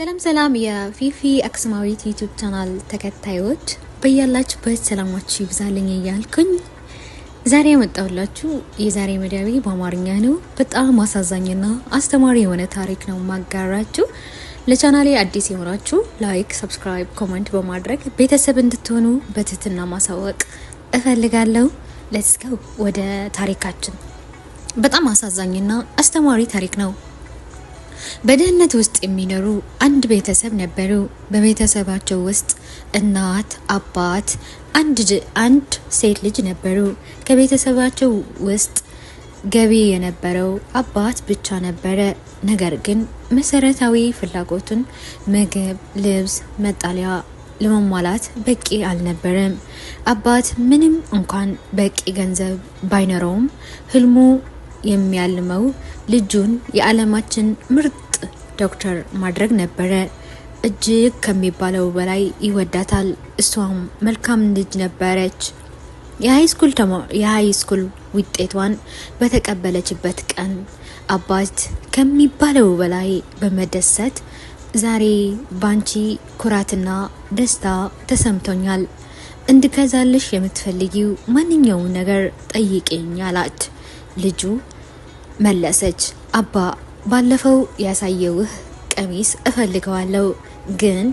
ሰላም ሰላም የፊፊ አክስማዊት ዩቱብ ቻናል ተከታዮች በያላችሁበት ሰላማችሁ ይብዛልኝ እያልኩኝ ዛሬ የመጣሁላችሁ የዛሬ መዳቤ በአማርኛ ነው። በጣም አሳዛኝና አስተማሪ የሆነ ታሪክ ነው ማጋራችሁ። ለቻናሌ አዲስ የሆናችሁ ላይክ፣ ሰብስክራይብ፣ ኮመንት በማድረግ ቤተሰብ እንድትሆኑ በትህትና ማሳወቅ እፈልጋለሁ። ለትስከው ወደ ታሪካችን በጣም አሳዛኝና አስተማሪ ታሪክ ነው በድህነት ውስጥ የሚኖሩ አንድ ቤተሰብ ነበሩ። በቤተሰባቸው ውስጥ እናት፣ አባት፣ አንድ ሴት ልጅ ነበሩ። ከቤተሰባቸው ውስጥ ገቢ የነበረው አባት ብቻ ነበረ። ነገር ግን መሰረታዊ ፍላጎቱን ምግብ፣ ልብስ፣ መጠለያ ለመሟላት በቂ አልነበረም። አባት ምንም እንኳን በቂ ገንዘብ ባይኖረውም ህልሙ የሚያልመው ልጁን የዓለማችን ምርጥ ዶክተር ማድረግ ነበረ። እጅግ ከሚባለው በላይ ይወዳታል። እሷም መልካም ልጅ ነበረች። የሀይስኩል ውጤቷን በተቀበለችበት ቀን አባት ከሚባለው በላይ በመደሰት ዛሬ ባንቺ ኩራትና ደስታ ተሰምቶኛል፣ እንድገዛልሽ የምትፈልጊው ማንኛውም ነገር ጠይቅኝ አላት ልጁ መለሰች። አባ ባለፈው ያሳየውህ ቀሚስ እፈልገዋለሁ፣ ግን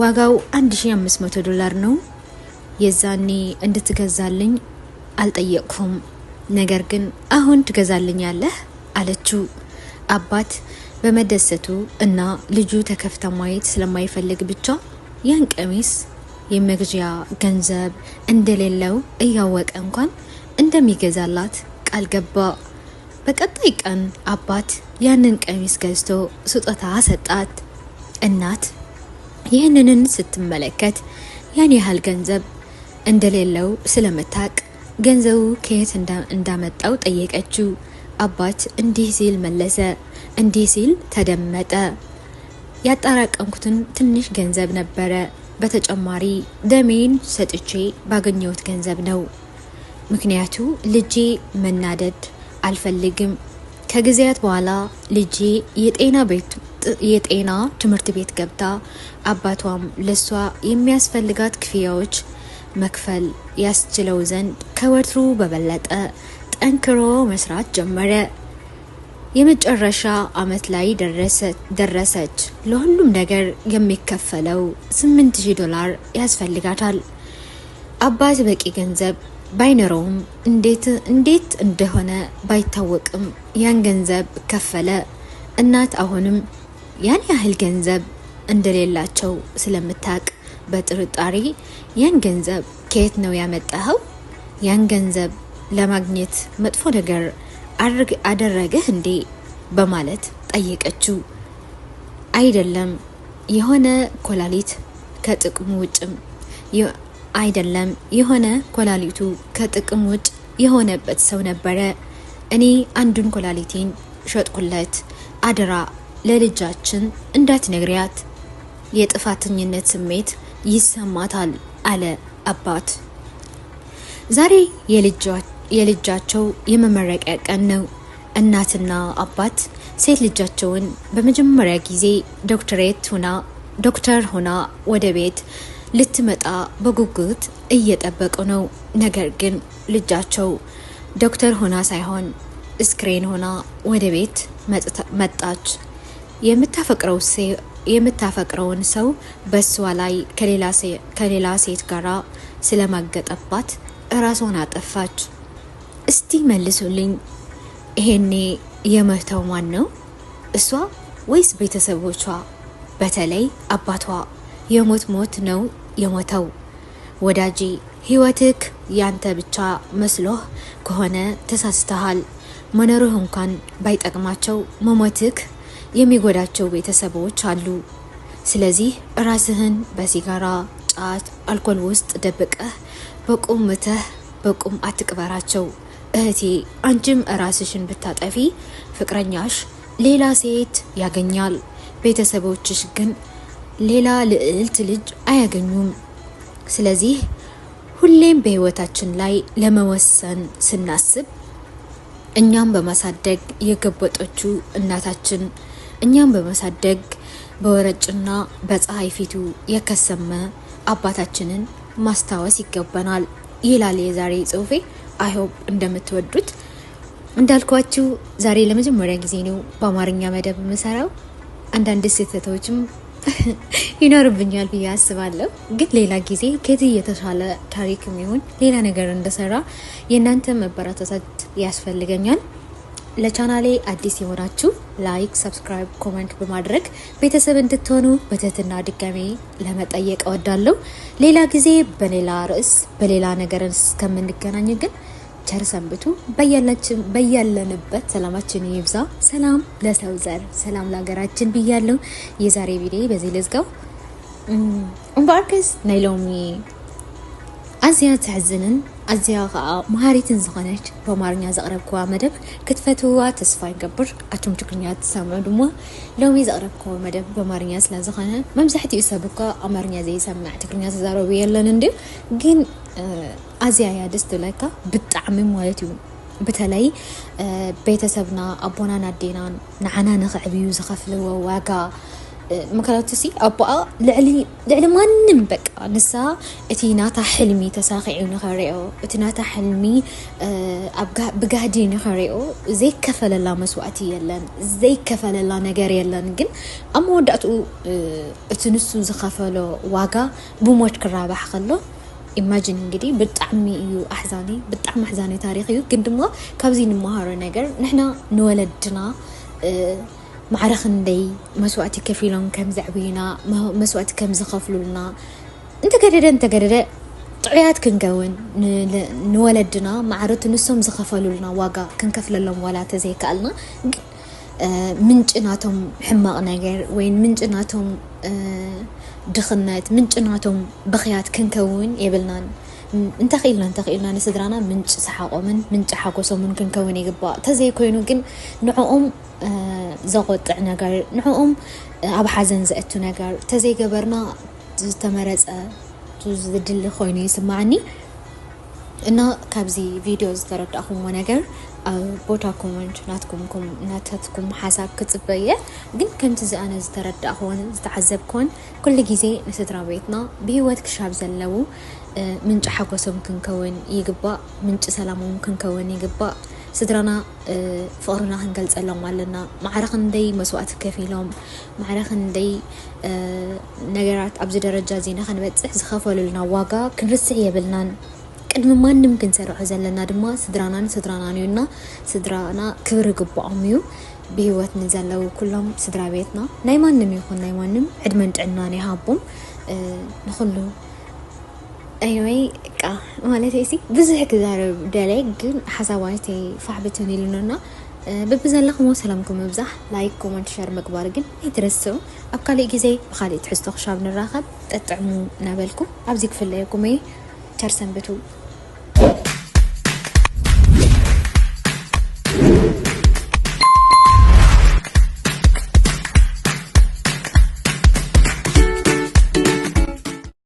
ዋጋው 1500 ዶላር ነው። የዛኔ እንድትገዛልኝ አልጠየቅኩም፣ ነገር ግን አሁን ትገዛልኛለህ አለችው። አባት በመደሰቱ እና ልጁ ተከፍታ ማየት ስለማይፈልግ ብቻ ያን ቀሚስ የመግዣ ገንዘብ እንደሌለው እያወቀ እንኳን እንደሚገዛላት ቃል ገባ። በቀጣይ ቀን አባት ያንን ቀሚስ ገዝቶ ስጦታ ሰጣት። እናት ይህንንን ስትመለከት ያን ያህል ገንዘብ እንደሌለው ስለምታቅ ገንዘቡ ከየት እንዳመጣው ጠየቀችው። አባት እንዲህ ሲል መለሰ፣ እንዲህ ሲል ተደመጠ። ያጠራቀምኩትን ትንሽ ገንዘብ ነበረ። በተጨማሪ ደሜን ሰጥቼ ባገኘሁት ገንዘብ ነው። ምክንያቱ ልጄ መናደድ አልፈልግም። ከጊዜያት በኋላ ልጄ የጤና ቤት የጤና ትምህርት ቤት ገብታ አባቷም ለሷ የሚያስፈልጋት ክፍያዎች መክፈል ያስችለው ዘንድ ከወትሩ በበለጠ ጠንክሮ መስራት ጀመረ። የመጨረሻ አመት ላይ ደረሰች። ለሁሉም ነገር የሚከፈለው ስምንት ሺህ ዶላር ያስፈልጋታል። አባት በቂ ገንዘብ ባይኖረውም እንዴት እንዴት እንደሆነ ባይታወቅም ያን ገንዘብ ከፈለ። እናት አሁንም ያን ያህል ገንዘብ እንደሌላቸው ስለምታውቅ በጥርጣሬ ያን ገንዘብ ከየት ነው ያመጣኸው? ያን ገንዘብ ለማግኘት መጥፎ ነገር አደረገህ እንዴ? በማለት ጠየቀችው። አይደለም የሆነ ኮላሊት ከጥቅሙ ውጭም አይደለም የሆነ ኮላሊቱ ከጥቅም ውጭ የሆነበት ሰው ነበረ። እኔ አንዱን ኮላሊቲን ሸጥኩለት። አደራ ለልጃችን እንዳትነግሪያት የጥፋተኝነት ስሜት ይሰማታል አለ አባት። ዛሬ የልጃቸው የመመረቂያ ቀን ነው። እናትና አባት ሴት ልጃቸውን በመጀመሪያ ጊዜ ዶክተሬት ሆና ዶክተር ሆና ወደ ቤት ልትመጣ በጉጉት እየጠበቁ ነው። ነገር ግን ልጃቸው ዶክተር ሆና ሳይሆን ስክሬን ሆና ወደ ቤት መጣች። የምታፈቅረውን ሰው በእሷ ላይ ከሌላ ሴት ጋራ ስለማገጠባት እራሷን አጠፋች። እስቲ መልሱልኝ፣ ይሄኔ የመተው ማን ነው? እሷ ወይስ ቤተሰቦቿ? በተለይ አባቷ የሞት ሞት ነው የሞተው። ወዳጄ ህይወትክ ያንተ ብቻ መስሎህ ከሆነ ተሳስተሃል። መኖርህ እንኳን ባይጠቅማቸው መሞትክ የሚጎዳቸው ቤተሰቦች አሉ። ስለዚህ ራስህን በሲጋራ፣ ጫት፣ አልኮል ውስጥ ደብቀህ በቁም ምተህ በቁም አትቅበራቸው። እህቴ አንቺም ራስሽን ብታጠፊ ፍቅረኛሽ ሌላ ሴት ያገኛል። ቤተሰቦችሽ ግን ሌላ ልዕልት ልጅ አያገኙም። ስለዚህ ሁሌም በህይወታችን ላይ ለመወሰን ስናስብ እኛም በማሳደግ የገበጦቹ እናታችን እኛም በማሳደግ በወረጭና በፀሐይ ፊቱ የከሰመ አባታችንን ማስታወስ ይገባናል ይላል የዛሬ ጽሁፌ። አይሆፕ እንደምትወዱት እንዳልኳችሁ ዛሬ ለመጀመሪያ ጊዜ ነው በአማርኛ መደብ የምሰራው። አንዳንድ ስህተቶችም ይኖርብኛል ብዬ አስባለሁ። ግን ሌላ ጊዜ ከዚህ የተሻለ ታሪክ የሚሆን ሌላ ነገር እንደሰራ የእናንተ መበረታታት ያስፈልገኛል። ለቻናሌ አዲስ የሆናችሁ ላይክ፣ ሰብስክራይብ፣ ኮመንት በማድረግ ቤተሰብ እንድትሆኑ በትህትና ድጋሜ ለመጠየቅ እወዳለሁ። ሌላ ጊዜ በሌላ ርዕስ በሌላ ነገር እስከምንገናኝ ግን ቸር ሰንብቱ። በያለንበት ሰላማችን ይብዛ። ሰላም ለሰው ዘር፣ ሰላም ለሀገራችን ብያለሁ። የዛሬ ቪዲዮ በዚህ ልዝጋው። እምበኣርከስ ናይ ሎሚ ኣዝያ ትሕዝንን ኣዝያ ከዓ መሃሪትን ዝኾነች ብኣማርኛ ዘቕረብክዋ መደብ ክትፈትውዋ ተስፋ ይገብር። ኣቶም ትግርኛ ትሰምዑ ድማ ሎሚ ዘቕረብክዎ መደብ ብኣማርኛ ስለ ዝኾነ መብዛሕትኡ ሰብ እኳ ኣማርኛ ዘይሰምዕ ትግርኛ ተዛረቡ የለን እንዲ ግን أزيا يا دست لك بتعمي مالتي بتلاي بيتسبنا أبونا نادينا نعنا نخعبي وزخف لو واقا مكالات سي أبو أ لعلي لعلي ما نمبك نسا اتيناتا حلمي تساقي نخريو اتيناتا حلمي أبقى بقادي نخريو زي كفل الله مسوأتي يلن زي كفل الله نجار يلن جن أمو دقتو اتنسو زخفلو واقا بموت كرابح خلو ኢማጂን እንግዲህ ብጣዕሚ እዩ ኣሕዛኒ ብጣዕሚ ኣሕዛኒ ታሪክ እዩ ግን ድማ ካብዚ ንምሃሮ ነገር ንሕና ንወለድና ማዕረ ክንደይ መስዋእቲ ከፍ ኢሎም ከም ዘዕብዩና መስዋእቲ ከም ዝኸፍሉልና እንተገደደ እንተገደደ ጥዑያት ክንከውን ንወለድና ማዕረት ንሶም ዝኸፈሉልና ዋጋ ክንከፍለሎም ዋላ ተዘይከኣልና ምንጭ ናቶም ሕማቕ ነገር ወይ ምንጭ ናቶም دخنات من جناتهم بخيات كنكون يبلنا انت خيلنا انت خيلنا نسدرانا من سحاقو من من حاقو سو من كنكون يقبا تزي كوينو كن نعوم زغط عنا قال نعوم اب حزن زقتو نقر تزي قبرنا تمرز توز دل خويني سمعني انا كابزي فيديو زدرت اخو ونقر ኣብ ቦታ ቦታኩም ናትኩምኩም ናተትኩም ሓሳብ ክፅበ እየ ግን ከምቲ ዝኣነ ዝተረዳእ ክኾን ዝተዓዘብ ኮን ኩሉ ግዜ ንስድራ ቤትና ብሂወት ክሻብ ዘለው ምንጭ ሓጎሶም ክንከውን ይግባእ ምንጭ ሰላሞም ክንከውን ይግባእ ስድራና ፍቅርና ክንገልፀሎም ኣለና ማዕረ ክንደይ መስዋእቲ ከፍ ኢሎም ማዕረ ክንደይ ነገራት ኣብዚ ደረጃ ዜና ክንበፅሕ ዝኸፈልሉና ዋጋ ክንርስዕ የብልናን ቅድሚ ማንም ክንሰርሖ ዘለና ድማ ስድራናን ስድራናን እዩና ስድራና ክብሪ ግብኦም እዩ ብሂወት ንዘለው ኩሎም ስድራ ቤትና ናይ ማንም ይኹን ናይ ማንም ዕድመን ጥዕናን ይሃቦም ንኩሉ ኤኒወይ ቃ ማለት ሲ ብዙሕ ክዛረብ ደለይ ግን ሓሳባይተይ ፋሕ ብትን ኢሉንና በቢ ዘለኹሞ ሰላምኩም ምብዛሕ ላይክ ኮመንት ሸር ምግባር ግን ኣይትረስዑ ኣብ ካሊእ ግዜ ብካሊእ ትሕዝቶ ክሻብ ንራኸብ ጠጥዕሙ ነበልኩም ኣብዚ ክፍለየኩም እየ ቸር ሰንብቱ